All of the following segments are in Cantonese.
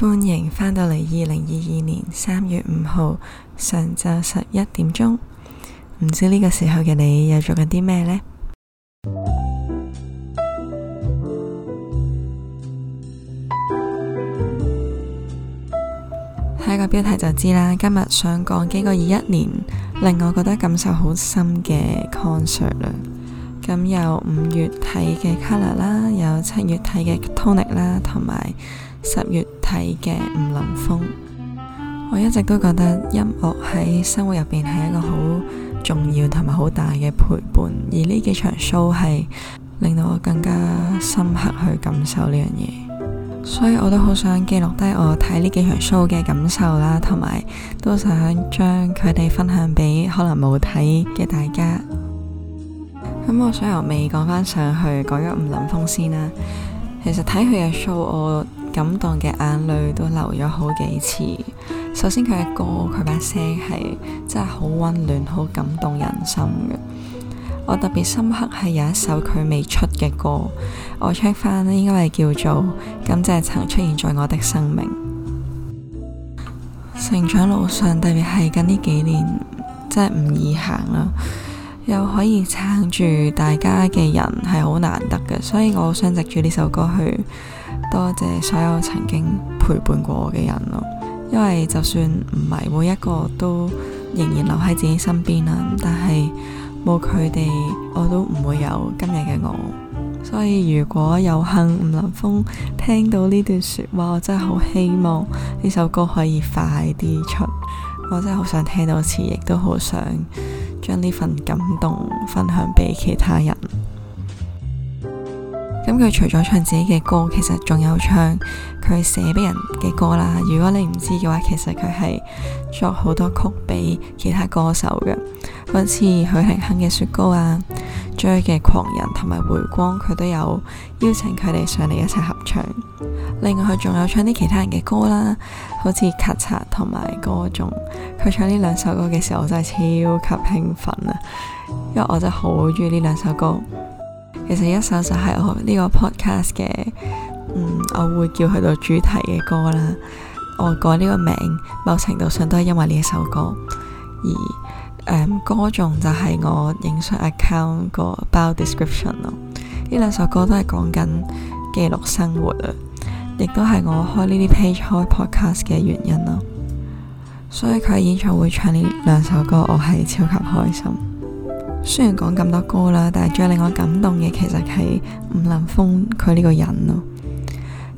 歡迎返到嚟，二零二二年三月五號上晝十一點鐘，唔知呢個時候嘅你又做緊啲咩呢？睇個標題就知啦，今日想講幾個二一年令我覺得感受好深嘅 concert 啦。咁有五月睇嘅 Kolor 啦，有七月睇嘅 Tonick 啦，同埋，十月睇嘅吳林峰，我一直都覺得音樂喺生活入邊係一個好重要同埋好大嘅陪伴。而呢幾場 show 係令到我更加深刻去感受呢樣嘢，所以我都好想記錄低我睇呢幾場 show 嘅感受啦，同埋都想將佢哋分享俾可能冇睇嘅大家。咁我想由尾講翻上去，講咗吳林峰先啦。其實睇佢嘅 show，我。感動嘅眼淚都流咗好幾次。首先佢嘅歌，佢把聲係真係好溫暖、好感動人心嘅。我特別深刻係有一首佢未出嘅歌，我 check 翻，應該係叫做《噉就係曾出現在我的生命》。成長路上，特別係近呢幾年，真係唔易行啦，啊。又可以撐住大家嘅人，係好難得嘅，所以我好想藉住呢首歌去。多謝所有曾經陪伴過我嘅人咯，因為就算唔係每一個都仍然留喺自己身邊啦，但係冇佢哋，我都唔會有今日嘅我。所以如果有幸吳林峰聽到呢段說話，我真係好希望呢首歌可以快啲出，我真係好想聽到詞，亦都好想將呢份感動分享俾其他人。佢除咗唱自己嘅歌，其實仲有唱佢寫俾人嘅歌啦。如果你唔知嘅話，其實佢係作好多曲俾其他歌手嘅，好似許廷鏗嘅雪糕啊、追嘅狂人同埋回光，佢都有邀請佢哋上嚟一齊合唱。另外佢仲有唱啲其他人嘅歌啦，好似咔嚓同埋歌頌。佢唱呢兩首歌嘅時候，我真係超級興奮啊！因為我真係好中意呢兩首歌。其實一首就係我呢個 podcast 嘅、嗯，我會叫佢做主題嘅歌啦。我改呢個名，某程度上都係因為呢一首歌。而、嗯、歌種就係我影相 account 個 bio description 咯。呢兩首歌都係講緊記錄生活啊，亦都係我開呢啲 page 開 podcast 嘅原因咯。所以佢喺演唱會唱呢兩首歌，我係超級開心。雖然講咁多歌啦，但係最令我感動嘅其實係吳林峰佢呢個人咯。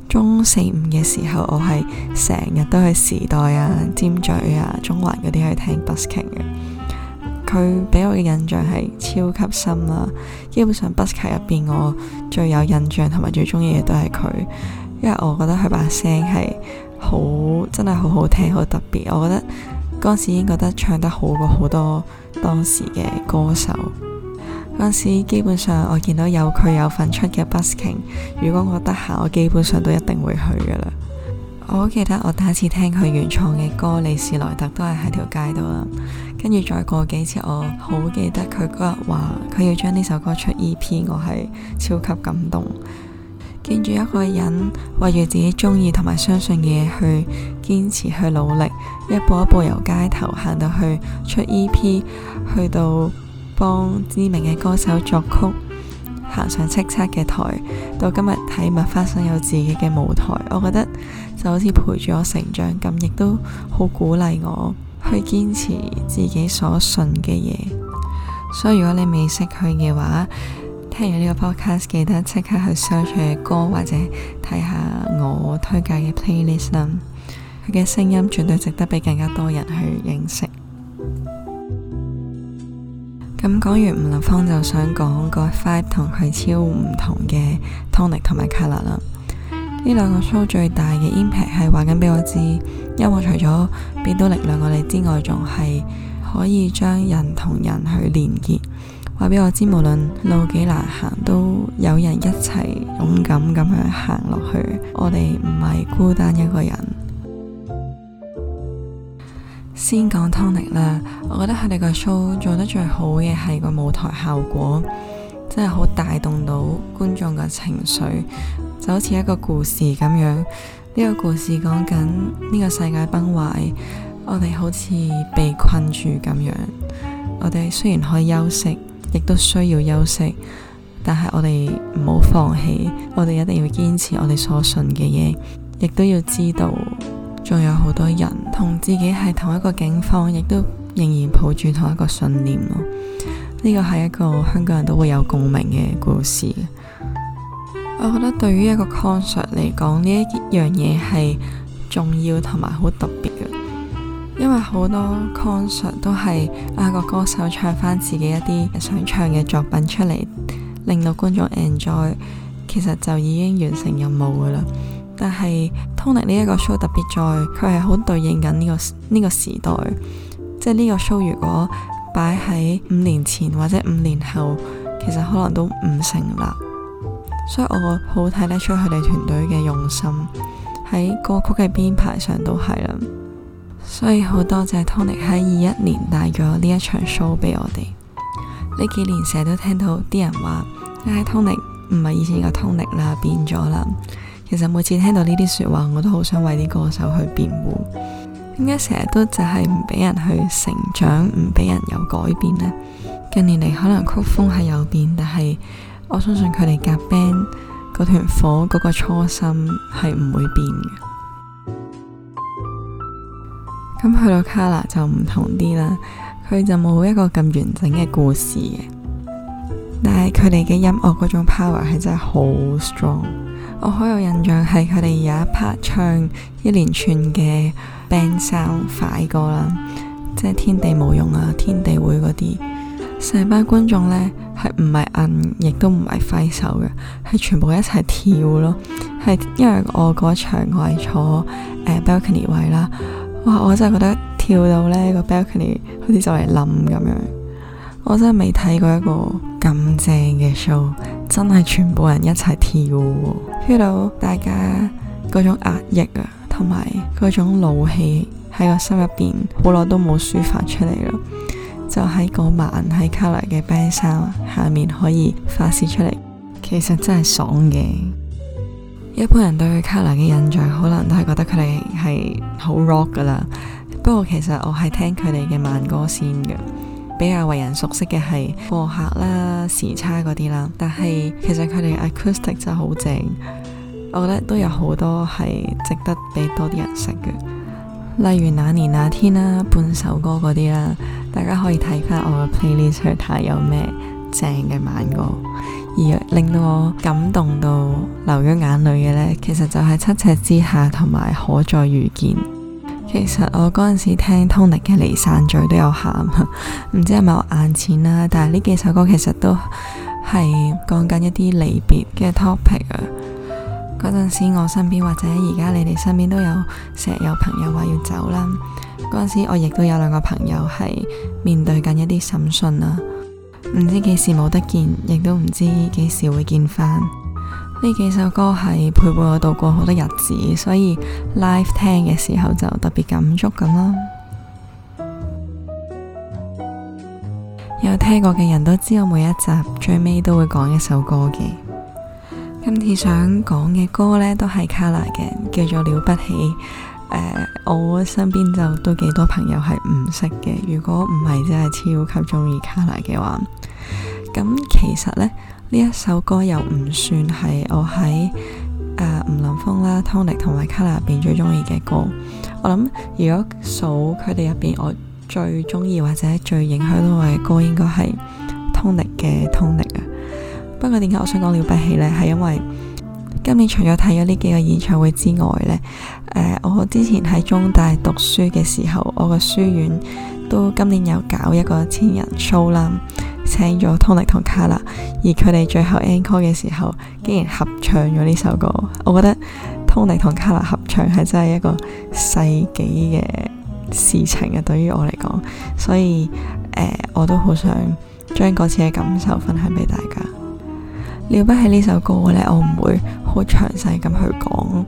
中四、五嘅時候，我係成日都去時代啊、尖咀啊、中環嗰啲去聽 busking 嘅。佢俾我嘅印象係超級深啦、啊。基本上 busking 入邊，我最有印象同埋最中意嘅都係佢，因為我覺得佢把聲係好真係好好聽，好特別，我覺得。嗰陣時已經覺得唱得好過好多當時嘅歌手。嗰陣時基本上我見到有佢有份出嘅 busking，如果我得閒，我基本上都一定會去噶啦。我好記得我第一次聽佢原創嘅歌《里斯萊特》都係喺條街度啦。跟住再過幾次，我好記得佢嗰日話佢要將呢首歌出 EP，我係超級感動。見住一個人為住自己中意同埋相信嘅嘢去堅持，去努力，一步一步由街頭行到去出 EP，去到幫知名嘅歌手作曲，行上叱咤嘅台，到今日睇麥花臣有自己嘅舞台，我覺得就好似陪住我成長咁，亦都好鼓勵我去堅持自己所信嘅嘢。所以如果你未識佢嘅話，聽完呢個 podcast，記得即刻去 search 嘅歌，或者睇下我推介嘅 playlist 啦。佢嘅聲音絕對值得俾更加多人去認識。咁、嗯、講完吳林峰就想講個 vibe 同佢超唔同嘅 Tonick 同埋 Kolor 啦。呢兩個 show 最大嘅 impact 係話緊俾我知，音樂除咗俾到力量我哋之外，仲係可以將人同人去連接。話畀我知，無論路幾難行，都有人一齊勇敢咁樣行落去。我哋唔係孤單一個人。 先講 Tonick 啦，我覺得佢哋個 show 做得最好嘅係個舞台效果，真係好帶動到觀眾嘅情緒，就好似一個故事咁樣。呢、呢個故事講緊呢個世界崩壞，我哋好似被困住咁樣。我哋雖然可以休息。亦都需要休息，但係我哋唔好放棄，我哋一定要堅持我哋所信嘅嘢，亦都要知道，仲有好多人同自己係同一個境況，亦都仍然抱住同一個信念咯。呢個係一個香港人都會有共鳴嘅故事。我覺得對於一個 concert 嚟講，呢一樣嘢係重要同埋好特別嘅。因為好多 concert 都係啊個歌手唱翻自己一啲想唱嘅作品出嚟，令到觀眾 enjoy，其實就已經完成任務噶啦。但係 Tonick 呢一個 show 特別在，佢係好對應緊呢個呢個時代，即係呢個 show 如果擺喺五年前或者五年後，其實可能都唔成立。所以我好睇得出，佢哋團隊嘅用心喺歌曲嘅編排上都係啦。所以好多謝 Tonick 喺二一年帶咗呢一場 show 俾我哋。呢幾年成日都聽到啲人話，唉 Tonick 唔係以前嘅 Tonick 啦，變咗啦。其實每次聽到呢啲說話，我都好想為啲歌手去辯護。點解成日都就係唔俾人去成長，唔俾人有改變呢？近年嚟可能曲風係有變，但係我相信佢哋夾 band 嗰團火嗰個初心係唔會變嘅。咁去到 Kolor 就唔同啲啦，佢就冇一個咁完整嘅故事嘅，但係佢哋嘅音樂嗰種 power 係真係好 strong。我好有印象係佢哋有一 part 唱一連串嘅 band song 快歌啦，即係天地無用啊，天地會嗰啲，成班觀眾呢係唔係摁，是是 un，亦都唔係揮手嘅，係全部一齊跳咯。係因為我嗰場我係坐誒、呃、balcony 位啦。哇！我真係覺得跳到呢個 balcony，好似就嚟冧咁樣。我真係未睇過一個咁正嘅 show，真係全部人一齊跳，feel 到大家嗰種壓抑啊，同埋嗰種怒氣喺個心入邊，好耐都冇抒發出嚟啦。就喺嗰晚喺 Kolor 嘅 band 衫下面可以發洩出嚟，其實真係爽嘅。一般人對 Kolor 嘅印象，可能都係覺得佢哋係好 rock 噶啦。不過其實我係聽佢哋嘅慢歌先嘅，比較為人熟悉嘅係《過客》啦、《時差》嗰啲啦。但係其實佢哋 acoustic 真係好正，我覺得都有好多係值得俾多啲人識嘅。例如那年那天啦、半首歌嗰啲啦，大家可以睇翻我嘅 playlist 睇下有咩正嘅慢歌。令到我感動到流咗眼淚嘅呢，其實就係七尺之下同埋可再遇見。其實我嗰陣時聽 Tonick 嘅離散聚都有喊，唔知係咪我眼淺啦。但係呢幾首歌其實都係講緊一啲離別嘅 topic 啊。嗰陣時我身邊或者而家你哋身邊都有成日有朋友話要走啦。嗰陣時我亦都有兩個朋友係面對緊一啲審訊啦。唔知幾時冇得見，亦都唔知幾時會見返。呢幾首歌係陪伴我度過好多日子，所以 live 聽嘅時候就特別感觸咁啦。 有聽過嘅人都知我每一集最尾都會講一首歌嘅。今次想講嘅歌呢，都係 Kolor 嘅，叫做《了不起》。誒，uh, 我身邊就都幾多朋友係唔識嘅。如果唔係真係超級中意卡拉嘅話，咁其實咧呢一首歌又唔算係我喺誒吳林峰啦、Tony 同埋卡拉入邊最中意嘅歌。我諗如果數佢哋入邊我最中意或者最影響到我嘅歌，應該係 n y 嘅 t 通力啊。不過點解我想講了不起呢？係因為今年除咗睇咗呢幾個演唱會之外呢。呃、我之前喺中大讀書嘅時候，我個書院都今年有搞一個千人 show 啦，請咗 Tonick 同 Kolor，而佢哋最後 encore 嘅時候，竟然合唱咗呢首歌，我覺得 Tonick 同 Kolor 合唱係真係一個世紀嘅事情啊！對於我嚟講，所以、呃、我都好想將嗰次嘅感受分享俾大家。了不起呢首歌呢，我唔會好詳細咁去講。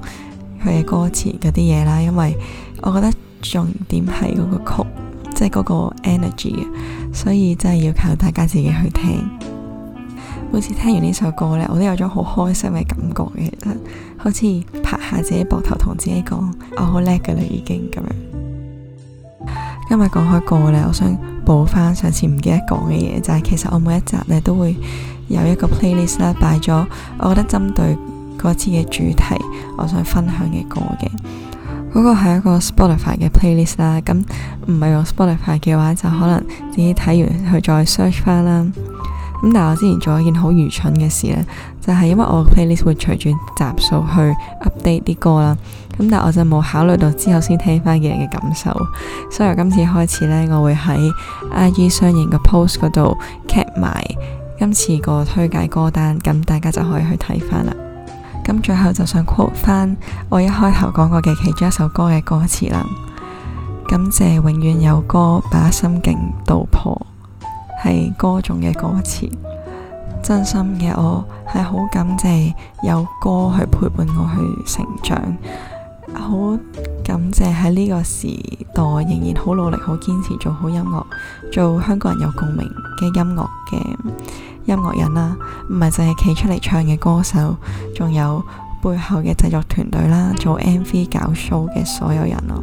佢嘅歌詞嗰啲嘢啦，因為我覺得重點係嗰個曲，即係嗰個 energy，所以真係要靠大家自己去聽。每次聽完呢首歌呢，我都有種好開心嘅感覺嘅，好似拍下自己膊頭同自己講：我好叻㗎啦，已經咁樣。今日講開歌呢，我想補翻上次唔記得講嘅嘢，就係、是、其實我每一集呢都會有一個 playlist 啦，擺咗，我覺得針對。嗰次嘅主題，我想分享嘅歌嘅嗰、嗰個係一個 Spotify 嘅 playlist 啦。咁唔係用 Spotify 嘅話，就可能自己睇完去再 search 翻啦。咁但係我之前做一件好愚蠢嘅事咧，就係、是、因為我 playlist 會隨住集數去 update 啲歌啦。咁但係我就冇考慮到之後先聽翻嘅人嘅感受，所以由今次開始呢，我會喺 IG 相應嘅 post 嗰度 cap 埋今次個推介歌單，咁大家就可以去睇翻啦。咁最後就想 quote 翻我一開頭講過嘅其中一首歌嘅歌詞啦，感謝永遠有歌把心境道破，係歌頌嘅歌詞，真心嘅我係好感謝有歌去陪伴我去成長，好感謝喺呢個時代仍然好努力、好堅持做好音樂，做香港人有共鳴嘅音樂嘅。音樂人啦，唔係淨係企出嚟唱嘅歌手，仲有背後嘅製作團隊啦，做 MV、搞 show 嘅所有人咯。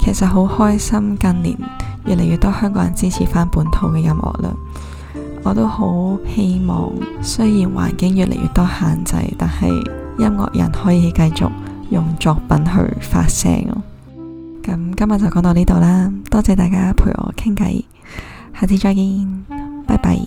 其實好開心，近年越嚟越多香港人支持返本土嘅音樂啦。我都好希望，雖然環境越嚟越多限制，但係音樂人可以繼續用作品去發聲咯。咁今日就講到呢度啦，多謝大家陪我傾偈，下次再見，拜拜。